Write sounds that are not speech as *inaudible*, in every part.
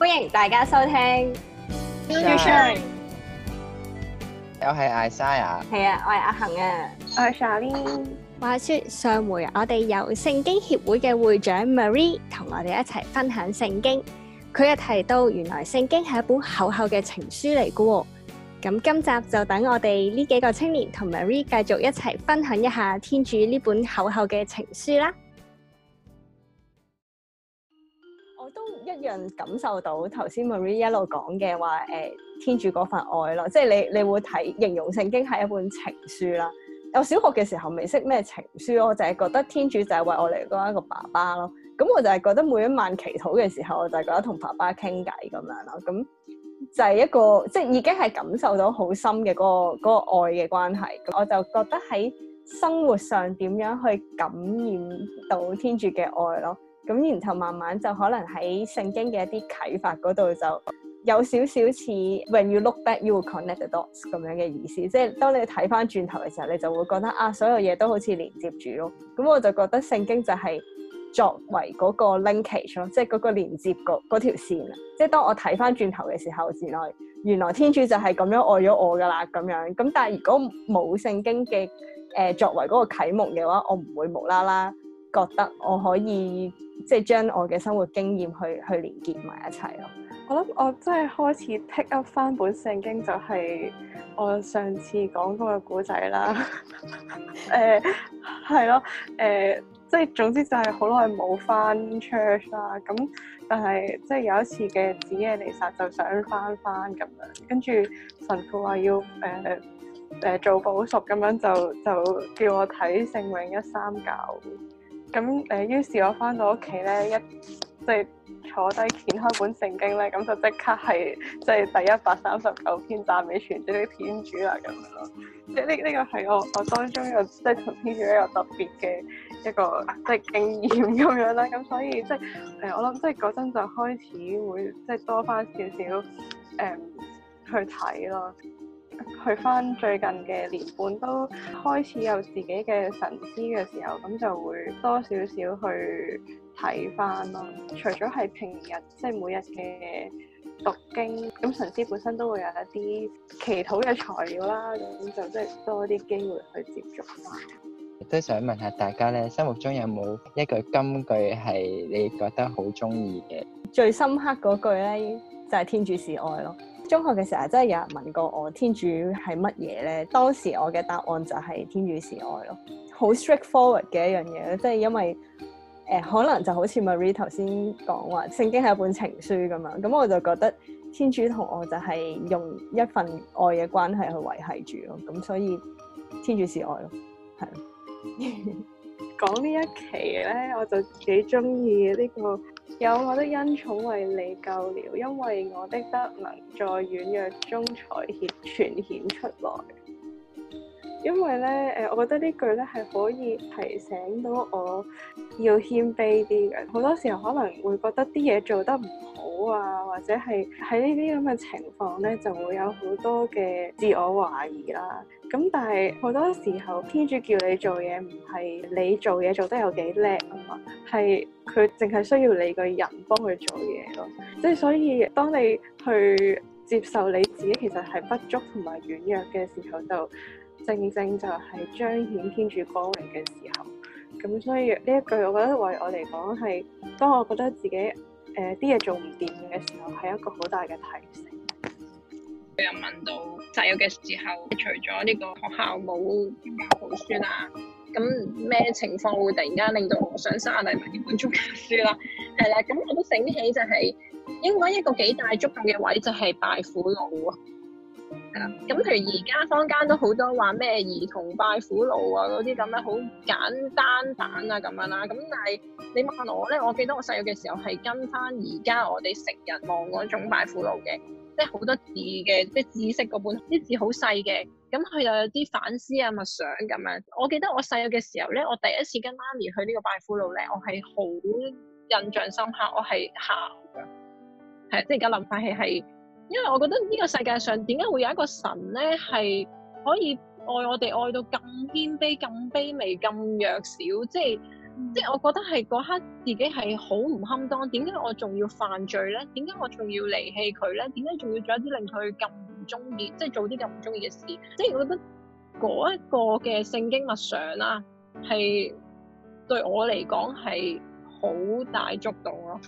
歡迎大家收聽。又係艾沙呀，係啊，我係阿恒啊，我係莎莉。話說上回我哋由聖經協會嘅會長 Marie 同我哋一齊分享聖經，佢又提到原來聖經係一本厚厚嘅情書嚟噶。咁今集就等我哋呢幾個青年同 Marie 繼續一齊分享一下天主呢本厚厚嘅情書啦。一樣感受到頭先 Marie 一路講嘅話，誒、呃、天主嗰份愛咯，即係你你會睇形容聖經係一本情書啦。我小學嘅時候未識咩情書，我就係覺得天主就係為我嚟當一個爸爸咯。咁我就係覺得每一晚祈禱嘅時候，我就係覺得同爸爸傾偈咁樣咯。咁就係一個即係已經係感受到好深嘅嗰、嗰個嗰、嗰個、愛嘅關係。我就覺得喺生活上點樣去感染到天主嘅愛咯。咁然後慢慢就可能喺聖經嘅一啲啟發嗰度就有少少似 When you look back, you will connect the dots 咁樣嘅意思，即係當你睇翻轉頭嘅時候，你就會覺得啊，所有嘢都好似連接住咯。咁我就覺得聖經就係作為嗰個 linkage 咯，即係嗰個連接嗰嗰條線啊。即係當我睇翻轉頭嘅時候，原來原來天主就係咁樣愛咗我㗎啦，咁樣。咁但係如果冇聖經嘅誒、呃、作為嗰個啟蒙嘅話，我唔會無啦啦覺得我可以。即係將我嘅生活經驗去去連結埋一齊咯。我諗我真係開始 pick up 翻本聖經就係、是、我上次講嗰個故仔啦。誒係咯，誒、呃、即係總之就係好耐冇翻 church 啦。咁但係即係有一次嘅子夜彌撒就想翻翻咁樣，跟住神父話要誒誒、呃呃、做補贖咁樣就，就就叫我睇聖詠一三九。咁誒，於是我翻到屋企咧，一即係、就是、坐低掀開本聖經咧，咁就即刻係即係第一百三十九篇讚美全職啲天主啦，咁樣咯。即係呢呢個係我我當中有、就是、有一個即係同天主一個特別嘅一個即係經驗咁樣啦。咁所以即係誒，我諗即係嗰陣就開始會即係、就是、多翻少少誒去睇咯。去翻最近嘅年半都開始有自己嘅神師嘅時候，咁就會多少少去睇翻咯。除咗係平日即係、就是、每日嘅讀經，咁神師本身都會有一啲祈禱嘅材料啦，咁就即係多啲機會去接觸。都想問下大家咧，心目中有冇一句金句係你覺得好鍾意嘅？最深刻嗰句咧，就係、是、天主是愛咯。中學嘅時候真係有人問過我天主係乜嘢咧？當時我嘅答案就係天主是愛咯，好 straightforward 嘅一樣嘢，即係因為誒、呃、可能就好似 Marie 頭先講話聖經係一本情書咁樣，咁我就覺得天主同我就係用一份愛嘅關係去維繫住咯，咁所以天主是愛咯，係 *laughs* 講呢一期咧，我就幾中意呢個。有我的恩寵為你救了，因為我的德能在軟弱中才顯全顯出來。因為咧，誒，我覺得呢句咧係可以提醒到我要謙卑啲嘅。好多時候可能會覺得啲嘢做得唔好啊，或者係喺呢啲咁嘅情況咧，就會有好多嘅自我懷疑啦。咁但係好多時候，偏住叫你做嘢，唔係你做嘢做得有幾叻啊嘛，係佢淨係需要你個人幫佢做嘢咯。即係所以，當你去接受你自己其實係不足同埋軟弱嘅時候，就～正正就係彰顯天主光榮嘅時候，咁所以呢一句，我覺得為我嚟講係當我覺得自己誒啲嘢做唔掂嘅時候，係一個好大嘅提醒。又問到集友嘅時候，除咗呢個學校冇教輔書啊，咁咩情況會突然間令到我想收下嚟買本中教書啦？係 *laughs* 啦，咁我都醒起就係、是、應該一個幾大觸動嘅位就係拜苦路啊。啊，咁、嗯、譬如而家坊間都好多話咩兒童拜苦路啊，嗰啲咁樣好簡單版啊，咁樣啦。咁但係你問我咧，我記得我細個嘅時候係跟翻而家我哋成人望嗰種拜苦路嘅，即係好多字嘅，即係紫色嗰本啲字好細嘅，咁佢又有啲反思啊、默想咁樣。我記得我細個嘅時候咧，我第一次跟媽咪去呢個拜苦路咧，我係好印象深刻，我係喊嘅，係、嗯、即係而家諗翻起係。因為我覺得呢個世界上點解會有一個神咧，係可以愛我哋愛到咁謙卑、咁卑微、咁弱小，即係即係我覺得係嗰刻自己係好唔堪當。點解我仲要犯罪咧？點解我仲要離棄佢咧？點解仲要做一啲令佢咁唔中意，即係做啲咁唔中意嘅事？即係我覺得嗰一個嘅聖經物像啦，係對我嚟講係好大觸動咯。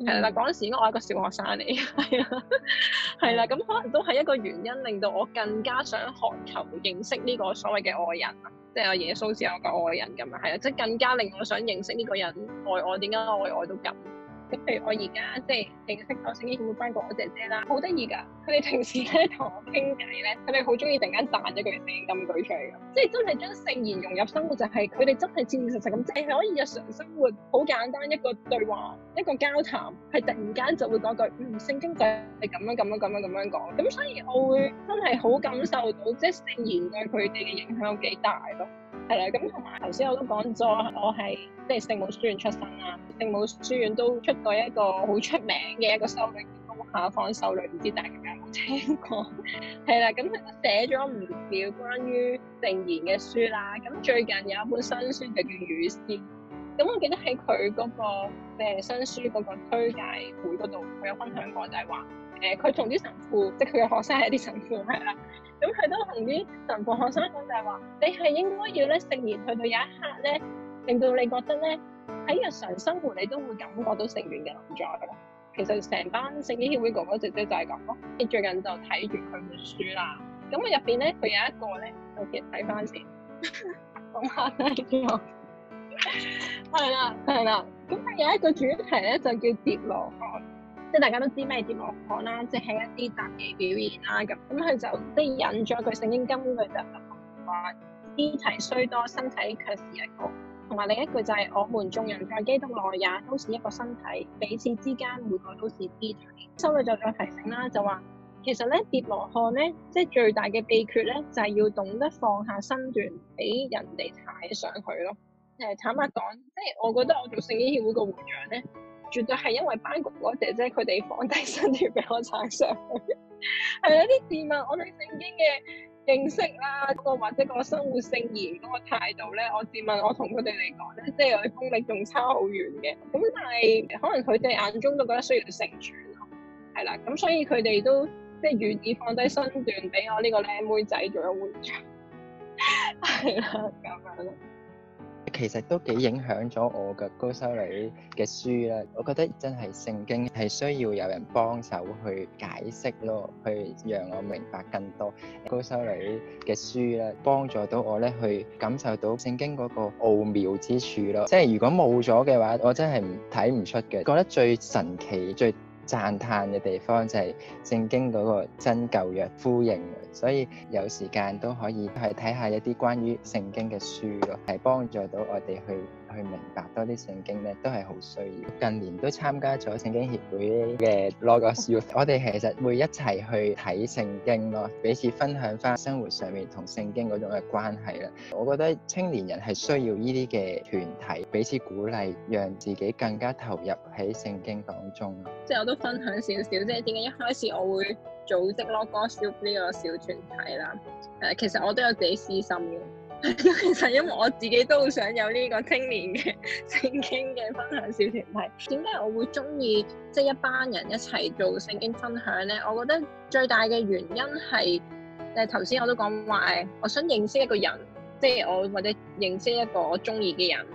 係啦，嗰陣時我係一個小學生嚟嘅，係啊，係 *noise* 啦，咁、嗯、 *laughs* 可能都係一個原因令到我更加想渴求認識呢個所謂嘅愛人啊，即係阿耶穌之後嘅愛人咁啊，係啊，即係更加令我想認識呢個人愛我點解愛我都咁。譬如我而家即係認識咗聖經會班個我姐姐啦，好得意噶！佢哋平時咧同我傾偈咧，佢哋好中意突然間彈一句聖經金句出嚟，即係真係將聖言融入生活，就係佢哋真係紮紮實實咁，淨係可以日常生活好簡單一個對話一個交談，係突然間就會講句嗯，聖經就係咁樣咁樣咁樣咁樣講，咁所以我會真係好感受到，即係聖言對佢哋嘅影響幾大咯。係啦，咁同埋頭先我都講咗，我係即係聖母書院出身啦。聖母書院都出過一個好出名嘅一個修女，叫夏芳修女，唔知大家有冇聽過？係啦，咁佢都寫咗唔少關於聖賢嘅書啦。咁最近有一本新書就叫《雨仙》，咁我記得喺佢嗰個即係新書嗰個推介會嗰度，佢有分享過，就係話。誒佢同啲神父，即佢嘅學生係啲神父，係啦。咁、嗯、佢都同啲神父學生講就係、是、話，你係應該要咧，食完去到有一刻咧，令到你覺得咧，喺日常生活你都會感覺到食完嘅臨在噶啦。其實成班聖經協會哥哥姐姐就係咁咯。你最近就睇完佢本書啦。咁入邊咧，佢有一個咧，我哋睇翻先看看。講下第一個，係啦係啦。咁佢有一個主題咧，就叫跌落岸。即係大家都知咩疊羅漢啦，即係一啲雜技表演啦咁。咁佢就即係引咗佢句聖經金句就話：肢體雖多，身體卻是一個。同埋另一句就係：我們眾人在基督內也都是一個身體，彼此之間每個都是肢體。收尾再再提醒啦，就話其實咧疊羅漢咧，即係最大嘅秘訣咧，就係要懂得放下身段俾人哋踩上去咯。誒、呃，坦白講，即係我覺得我做聖經協會個會長咧。絕對係因為班哥哥姐姐佢哋放低身段俾我撐上去，係啦啲自問我哋聖經嘅認識啦，個或者個生活聖言嗰個態度咧，我自問我同佢哋嚟講咧，即係我功力仲差好遠嘅，咁但係可能佢哋眼中都覺得需要成全咯，係啦，咁所以佢哋都即係願意放低身段俾我呢個靚妹仔做咗會長，係啦咁樣。其實都幾影響咗我嘅高修女嘅書啦，我覺得真係聖經係需要有人幫手去解釋咯，去讓我明白更多高修女嘅書啦，幫助到我咧去感受到聖經嗰個奧妙之處咯。即係如果冇咗嘅話，我真係睇唔出嘅，覺得最神奇最讚嘆嘅地方就係聖經嗰個真舊約呼應，所以有時間都可以去睇下一啲關於聖經嘅書，咯，係幫助到我哋去。去明白多啲聖經咧，都係好需要。近年都參加咗聖經協會嘅 logo show，我哋其實會一齊去睇聖經咯，彼此分享翻生活上面同聖經嗰種嘅關係啦。我覺得青年人係需要呢啲嘅團體彼此鼓勵，讓自己更加投入喺聖經當中。即係我都分享少少，即係點解一開始我會組織 logo show 呢個小團體啦？誒、呃、其實我都有自己私心嘅。其 *laughs* 實因為我自己都想有呢個青年嘅聖經嘅分享小團體。點解我會中意即係一班人一齊做聖經分享呢？我覺得最大嘅原因係誒頭先我都講話，我想認識一個人，即係我或者認識一個我中意嘅人，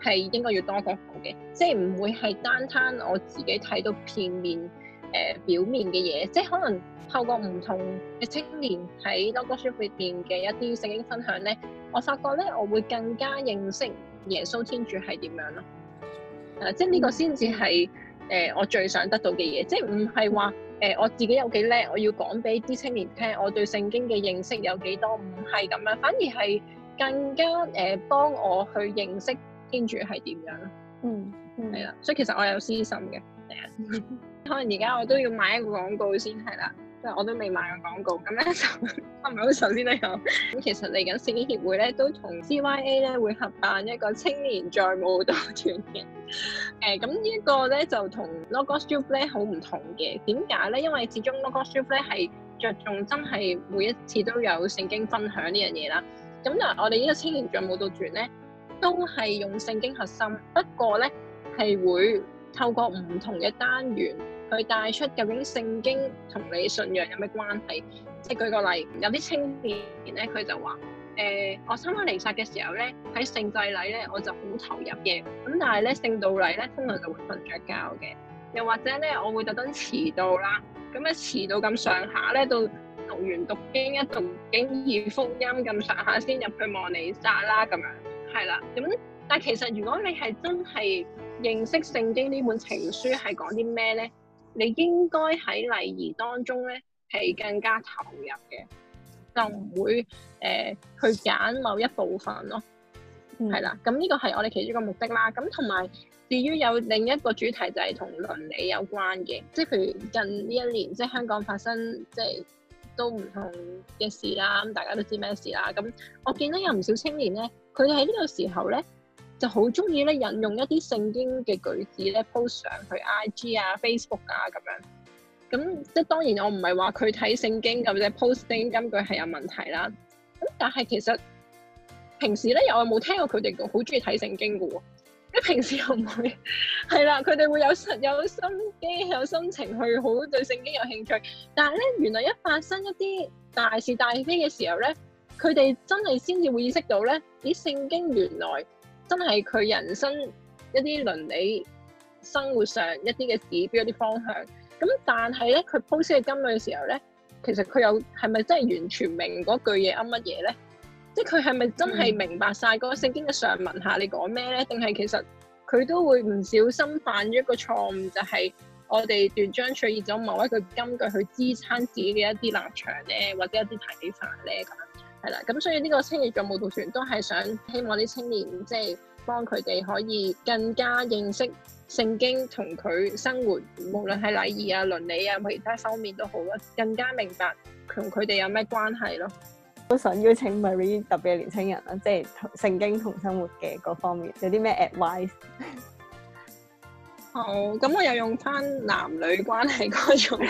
係應該要多方嘅，即係唔會係單攤我自己睇到片面。誒表面嘅嘢，即係可能透過唔同嘅青年喺《Logos Reading》入面嘅一啲聖經分享咧，我發覺咧，我會更加認識耶穌天主係點樣咯。啊，即係呢個先至係誒我最想得到嘅嘢，即係唔係話誒我自己有幾叻，我要講俾啲青年聽，我對聖經嘅認識有幾多，唔係咁樣，反而係更加誒幫我去認識天主係點樣咯。嗯，係啦，所以其實我有私心嘅。可能而家我都要買一個廣告先係啦，即係我都未買個廣告。咁咧就唔係好首先嚟講。咁 *laughs* *laughs* 其實嚟緊聖經協會咧都同 CYA 咧會合辦一個青年在舞蹈團嘅。誒、 *laughs* 呃，咁、這個、呢一個咧就同 LogosTube 咧好唔同嘅。點解咧？因為始終 LogosTube 咧係着重真係每一次都有聖經分享呢樣嘢啦。咁但我哋呢個青年在舞蹈團咧都係用聖經核心，不過咧係會透過唔同嘅單元。佢帶出究竟聖經同你信仰有咩關係？即係舉個例，有啲青年咧，佢就話：誒、呃，我參加彌撒嘅時候咧，喺聖祭禮咧，我就好投入嘅。咁但係咧，聖道禮咧，通常就會瞓着覺嘅。又或者咧，我會特登遲到啦。咁一遲到咁上下咧，到讀完讀經一讀經二福音咁上下先入去望彌撒啦咁樣。係啦。咁但係其實如果你係真係認識聖經呢本情書係講啲咩咧？你應該喺禮儀當中咧係更加投入嘅，就唔會誒、呃、去揀某一部分咯。係啦、嗯，咁呢個係我哋其中一個目的啦。咁同埋至於有另一個主題就係同倫理有關嘅，即係譬如近呢一年即係香港發生即係都唔同嘅事啦，咁大家都知咩事啦。咁我見到有唔少青年咧，佢哋喺呢個時候咧。就好中意咧引用一啲聖經嘅句子咧 post 上去 IG 啊 Facebook 啊咁樣，咁即係當然我唔係話佢睇聖經咁啫，post 啲金句係有問題啦。咁但係其實平時咧又係冇聽過佢哋好中意睇聖經嘅喎，咁平時又唔會係啦。佢 *laughs* 哋會有有心機有心情去好對聖經有興趣，但係咧原來一發生一啲大是大非嘅時候咧，佢哋真係先至會意識到咧，咦聖經原來。真係佢人生一啲倫理、生活上一啲嘅指標、一啲方向。咁但係咧，佢 post 嘅金句嘅時候咧，其實佢又係咪真係完全明嗰句嘢噏乜嘢咧？嗯、即係佢係咪真係明白晒嗰個聖經嘅上文？下你講咩咧？定係其實佢都會唔小心犯咗一個錯誤，就係、是、我哋斷章取義咗某一句金句去支撐自己嘅一啲立場咧，或者一啲睇法咧。係啦，咁所以呢個青年任務圖傳都係想希望啲青年即係幫佢哋可以更加認識聖經同佢生活，無論係禮儀啊、倫理啊或者其他方面都好啊，更加明白同佢哋有咩關係咯。我想邀請 Mary 特別嘅年輕人啦，即係聖經同生活嘅嗰方面，有啲咩 advice？哦，咁我又用翻男女關係嗰種例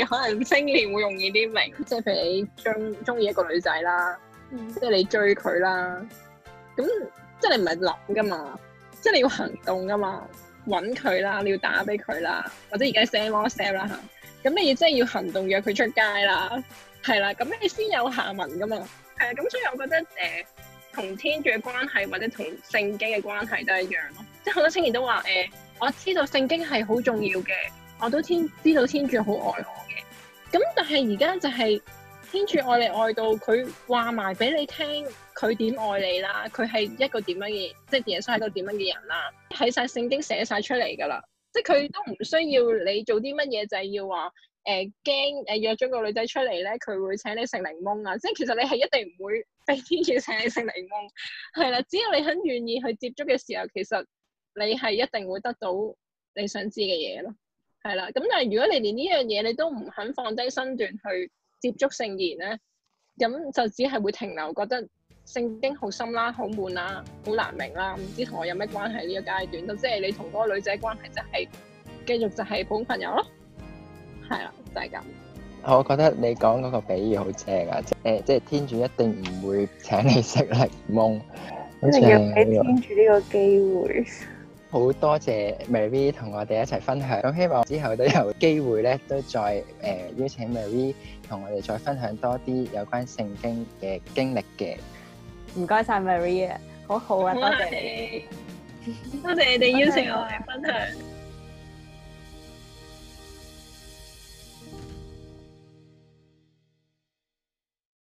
子， *laughs* 可能青年會容易啲明。即係譬如你中中意一個女仔啦，即係 *laughs* 你追佢啦，咁即係你唔係諗噶嘛，即係你要行動噶嘛，搵佢啦，你要打俾佢啦，或者而家 send WhatsApp 啦吓，咁你即係要行動約佢出街啦，係啦，咁你先有下文噶嘛，係啊， *laughs* 咁所以我覺得誒，同、呃、天主嘅關係或者同聖經嘅關係都一樣咯，即係好多青年都話誒。欸欸我知道聖經係好重要嘅，我都天知道天主好愛我嘅。咁但係而家就係天主愛你愛到佢話埋俾你聽，佢點愛你啦？佢係一個點樣嘅，即係耶穌係一個點樣嘅人啦？喺晒聖經寫晒出嚟㗎啦，即係佢都唔需要你做啲乜嘢，就係、係、要話誒驚誒約咗個女仔出嚟咧，佢會請你食檸檬啊！即係其實你係一定唔會俾天主請你食檸檬，係啦。只要你肯願意去接觸嘅時候，其實。你係一定會得到你想知嘅嘢咯，係啦。咁但係如果你連呢樣嘢你都唔肯放低身段去接觸聖言咧，咁就只係會停留，覺得聖經好深啦、好悶啦、好難明啦，唔知同我有咩關係呢個階段咯。即係你同嗰個女仔關係就係繼續就係普通朋友咯，係啦，就係咁。我覺得你講嗰個比喻好正啊，即係即係天主一定唔會請你食檸檬，好似係，你要俾天主呢個機會。好多謝 Mary 同我哋一齊分享，咁希望之後都有機會咧，都再誒、呃、邀請 Mary 同我哋再分享多啲有關聖經嘅經歷嘅。唔該晒 Mary，好好啊，多謝你，多謝你哋邀請我哋分享。